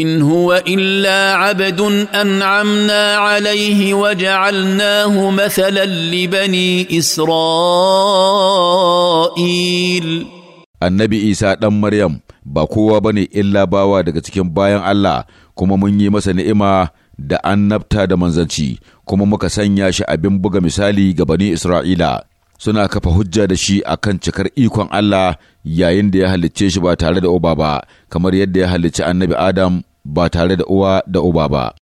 ان هو الا عبد انعمنا عليه وجعلناه مثلا لبني اسرائيل annabi isa ɗan maryam ba kowa ba ne illa bawa daga cikin bayan allah kuma mun yi masa ni'ima da annabta da manzanci kuma muka sanya shi abin buga misali ga bani isra'ila suna kafa hujja da shi a kan cikar ikon allah yayin da ya halicce shi ba tare da uba ba kamar yadda ya halicci annabi adam ba tare da uwa da uba ba.